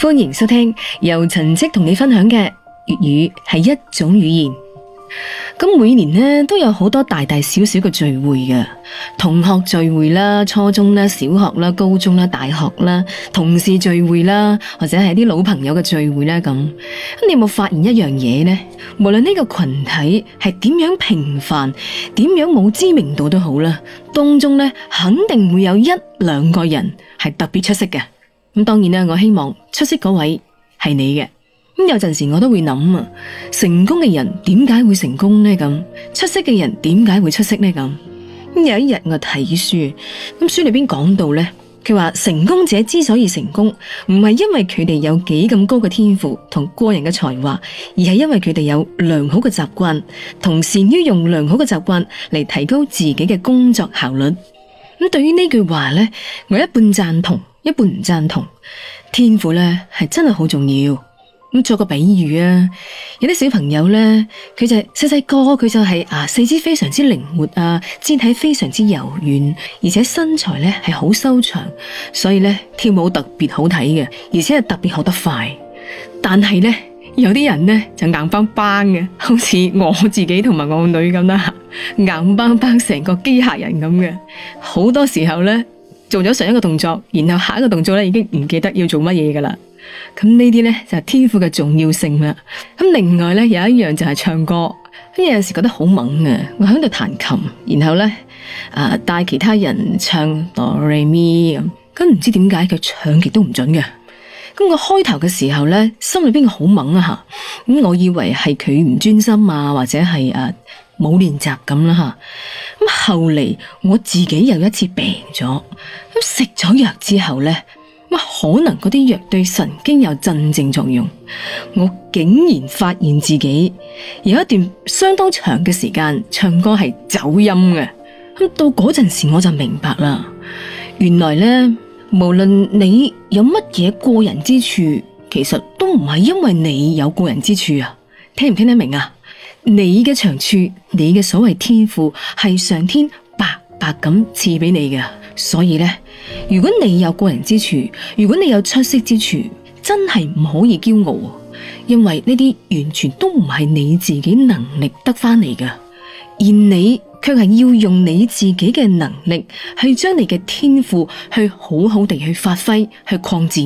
歡迎收聽由陳迹同你分享嘅粵語係一種語言。每年都有好多大大小小嘅聚會嘅，同學聚會啦、初中啦、小學啦、高中啦、大學啦、同事聚會啦，或者係啲老朋友嘅聚會啦。咁你有冇發現一樣嘢呢？無論呢個群體係點樣平凡、點樣冇知名度都好啦，當中肯定會有一兩個人係特別出色嘅。咁當然啦，我希望出色嗰位係你嘅。咁有陣時我都會諗啊，成功嘅人點解會成功呢？咁出色嘅人點解會出色呢？咁有一日我睇書，咁書裏邊講到呢，佢話成功者之所以成功，唔係因為佢哋有幾咁高嘅天賦同個人嘅才華，而係因為佢哋有良好嘅習慣，同善於用良好嘅習慣嚟提高自己嘅工作效率。咁對於呢句話呢，我一半贊同。一半唔贊同，天賦呢係真係好重要。咁作個比喻啊，有啲小朋友呢，佢就細細個，佢就係、是、啊四肢非常之靈活啊，肢體非常之柔軟，而且身材呢係好修長，所以呢，跳舞特別好睇嘅，而且係特別學得快。但係呢，有啲人呢就硬邦邦嘅，好似我自己同埋我女咁啦，硬邦邦成個機械人咁嘅，好多時候呢。做咗上一個動作，然後下一個動作咧已經唔記得要做乜嘢噶啦。咁呢啲咧就係天賦嘅重要性啦。咁另外咧有一樣就係唱歌，咁有陣時覺得好猛啊！我響度彈琴，然後咧啊、呃、帶其他人唱哆唻咪咁，咁唔知點解佢唱極都唔準嘅。咁、個開頭嘅時候咧，心裏邊好猛啊吓。咁我以為係佢唔專心啊，或者係啊。冇練習咁啦吓，咁後嚟我自己又一次病咗，咁食咗藥之後呢，可能嗰啲藥對神經有鎮靜作用，我竟然發現自己有一段相當長嘅時間唱歌係走音嘅，到嗰陣時我就明白啦，原來呢，無論你有乜嘢過人之處，其實都唔係因為你有過人之處啊，聽唔聽得明啊？你嘅長處，你嘅所謂天賦，係上天白白咁賜俾你嘅。所以呢，如果你有過人之處，如果你有出色之處，真係唔可以驕傲，因為呢啲完全都唔係你自己能力得翻嚟嘅，而你卻係要用你自己嘅能力去將你嘅天賦去好好地去發揮，去擴展，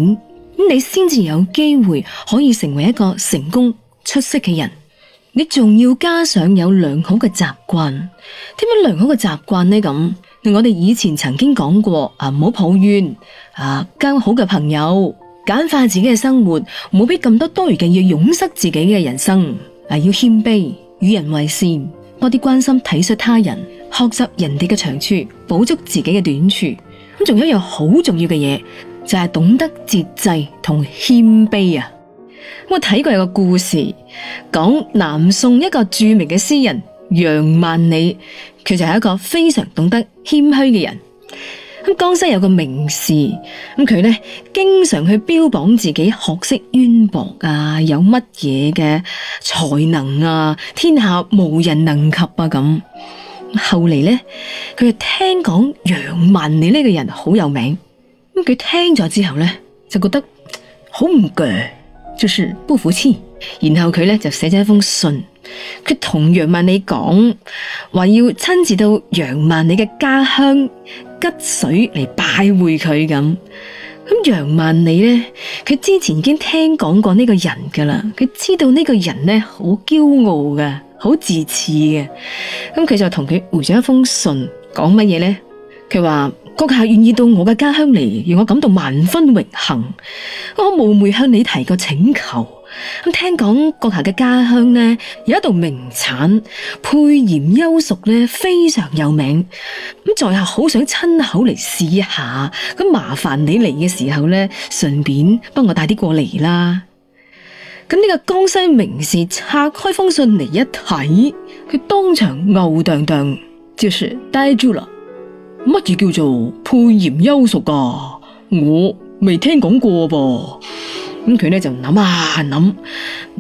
咁你先至有機會可以成為一個成功出色嘅人。你仲要加上有良好嘅習慣，點樣良好嘅習慣呢？咁我哋以前曾經講過，啊，唔好抱怨，啊，交好嘅朋友，簡化自己嘅生活，冇必咁多多餘嘅嘢，壅塞自己嘅人生。啊，要謙卑，與人為善，多啲關心體恤他人，學習人哋嘅長處，補足自己嘅短處。咁，啊，仲有一樣好重要嘅嘢，就係、是，懂得節制同謙卑啊！我睇過有個故事，講南宋一個著名嘅詩人楊萬里，佢就係一個非常懂得謙虛嘅人。咁江西有個名士，咁佢咧經常去標榜自己學識淵博啊，有乜嘢嘅才能啊，天下無人能及啊咁。後嚟咧，佢就聽講楊萬里呢個人好有名，咁佢聽咗之後咧，就覺得好唔勁。就是不服氣，然後佢咧就寫咗一封信，佢同楊萬里講，話要親自到楊萬里嘅家鄉吉水嚟拜會佢咁。咁、嗯、楊萬里咧，佢之前已經聽講過呢個人㗎喇，佢知道呢個人咧好驕傲嘅，好自恃嘅。咁、嗯、佢就同佢回咗一封信，講乜嘢呢？佢話。閣下願意到我嘅家鄉嚟，讓我感到萬分榮幸。我冒昧向你提個請求。咁聽講閣下嘅家鄉呢，有一道名產，配鹽幽菽呢，非常有名。咁在下好想親口嚟試一下。咁麻煩你嚟嘅時候呢，順便幫我帶啲過嚟啦。咁呢個江西名士拆開封信嚟一睇，佢當場牛蕩蕩，即係呆住啦。乜嘢叫做配鹽幽菽㗎？我未聽講過噃。咁佢咧就諗啊諗，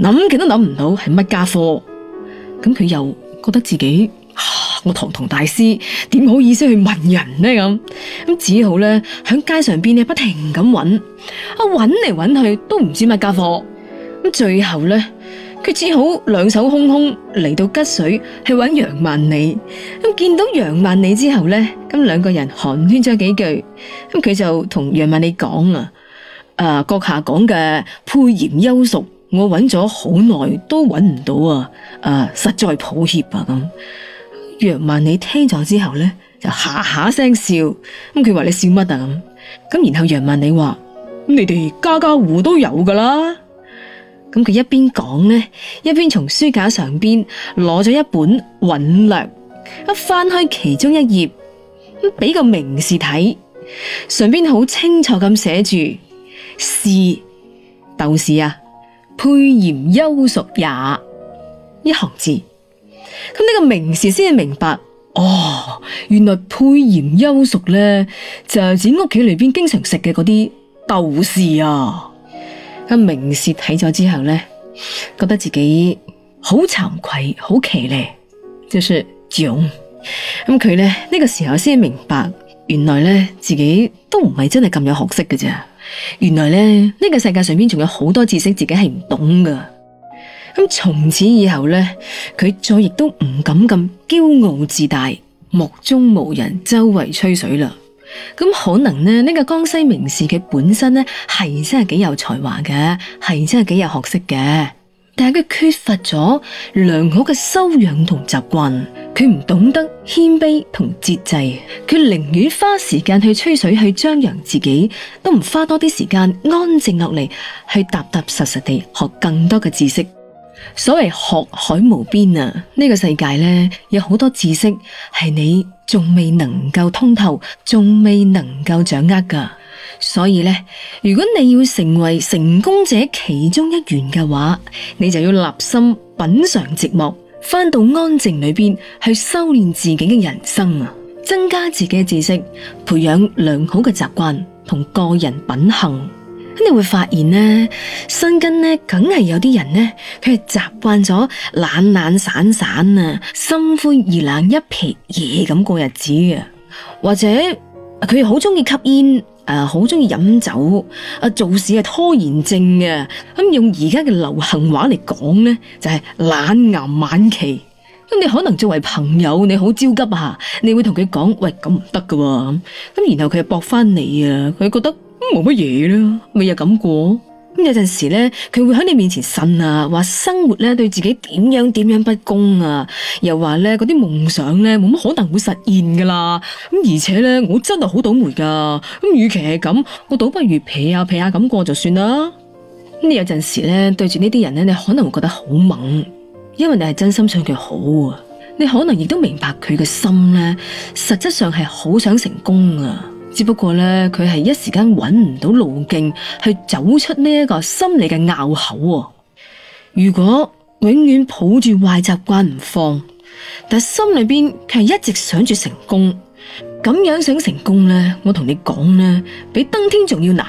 諗佢都諗唔到係乜家貨。咁佢又覺得自己，啊，我堂堂大師，點好意思去問人呢？咁，咁只好咧響街上邊咧不停咁揾，啊揾嚟揾去都唔知乜家貨。咁最後咧。佢只好兩手空空嚟到吉水去搵楊萬里，咁見到楊萬里之後呢，咁兩個人寒暄咗幾句，咁佢就同楊萬里講啊，誒，閣下講嘅配鹽幽菽，我搵咗好耐都搵唔到啊，誒，實在抱歉啊咁。楊萬里聽咗之後呢，就哈哈聲笑，咁佢話你笑乜啊？咁，然後楊萬里話，你哋家家戶都有噶啦。咁佢一邊講咧，一邊從書架上邊攞咗一本《韻略》，一翻開其中一頁，咁俾個名士睇，上邊好清楚咁寫住是豆豉啊，配鹽優熟也一行字。咁呢個名士先至明白，哦，原來配鹽優熟咧就係指屋企裏邊經常食嘅嗰啲豆豉啊。咁名士睇咗之後咧，覺得自己好慚愧、好氣餒，就說、是、獎。咁佢咧呢、這個時候先明白原呢，原來咧自己都唔係真係咁有學識嘅啫。原來咧呢個世界上邊仲有好多知識自己係唔懂噶。咁、嗯、從此以後咧，佢再亦都唔敢咁驕傲自大、目中無人、周圍吹水啦。咁可能呢？呢、這個江西名士佢本身呢係真係幾有才華嘅，係真係幾有學識嘅，但係佢缺乏咗良好嘅修養同習慣，佢唔懂得謙卑同節制，佢寧願花時間去吹水去張揚自己，都唔花多啲時間安靜落嚟去踏踏實實地學更多嘅知識。所謂學海無邊啊，呢、這個世界呢，有好多知識係你仲未能夠通透，仲未能夠掌握㗎。所以呢，如果你要成為成功者其中一員嘅話，你就要立心品嘗寂寞，返到安靜裏面去修煉自己嘅人生，增加自己嘅知識，培養良好嘅習慣同個人品行。你會發現呢，身邊呢梗係有啲人呢，佢係習慣咗懶懶散散啊，心灰意冷一撇嘢咁過日子嘅，或者佢好中意吸煙，誒、呃，好中意飲酒，啊，做事啊拖延症嘅，用而家嘅流行話嚟講呢就係、是、懶癌晚期。你可能作為朋友，你好焦急啊，你會同佢講，喂，咁唔得㗎喎，然後佢又駁翻你啊，佢覺得。冇乜嘢啦，咪又咁過。咁有陣時咧，佢會喺你面前呻啊，話生活咧對自己點樣點樣不公啊，又話咧嗰啲夢想咧冇乜可能會實現噶啦。咁而且咧，我真係好倒霉噶。咁與其係咁，我倒不如皮下皮下咁過就算啦。你有陣時咧，對住呢啲人咧，你可能會覺得好猛，因為你係真心想佢好啊。你可能亦都明白佢嘅心咧，實質上係好想成功啊。只不過呢，佢係一時間搵唔到路徑去走出呢一個心理嘅拗口。如果永遠抱住壞習慣唔放，但心裏邊卻一直想住成功，咁樣想成功呢，我同你講呢，比登天仲要難。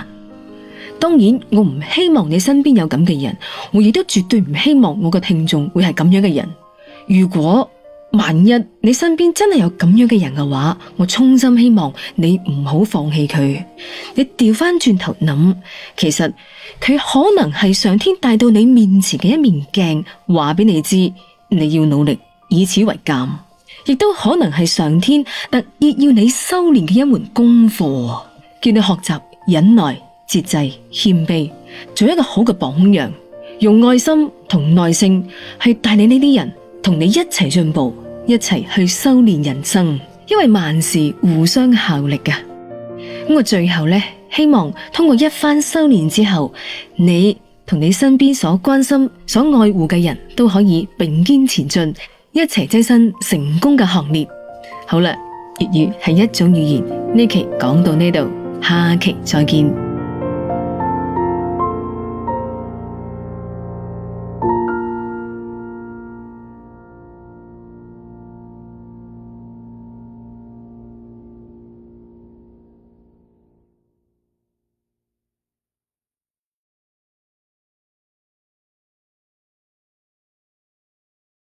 當然，我唔希望你身邊有咁嘅人，我亦都絕對唔希望我嘅聽眾會係咁樣嘅人。如果，萬一你身邊真係有咁樣嘅人嘅話，我衷心希望你唔好放棄佢。你調返轉頭諗，其實佢可能係上天帶到你面前嘅一面鏡，話俾你知你要努力，以此為鑑。亦都可能係上天特意要你修煉嘅一門功課，叫你學習忍耐、節制、謙卑，做一個好嘅榜樣，用愛心同耐性去帶你呢啲人，同你一齊進步。一齊去修煉人生，因為萬事互相效力㗎。咁我最後呢，希望通過一番修煉之後，你同你身邊所關心、所愛護嘅人都可以並肩前進，一齊躋身成功嘅行列。好啦，粵語係一種語言，呢期講到呢度，下期再見。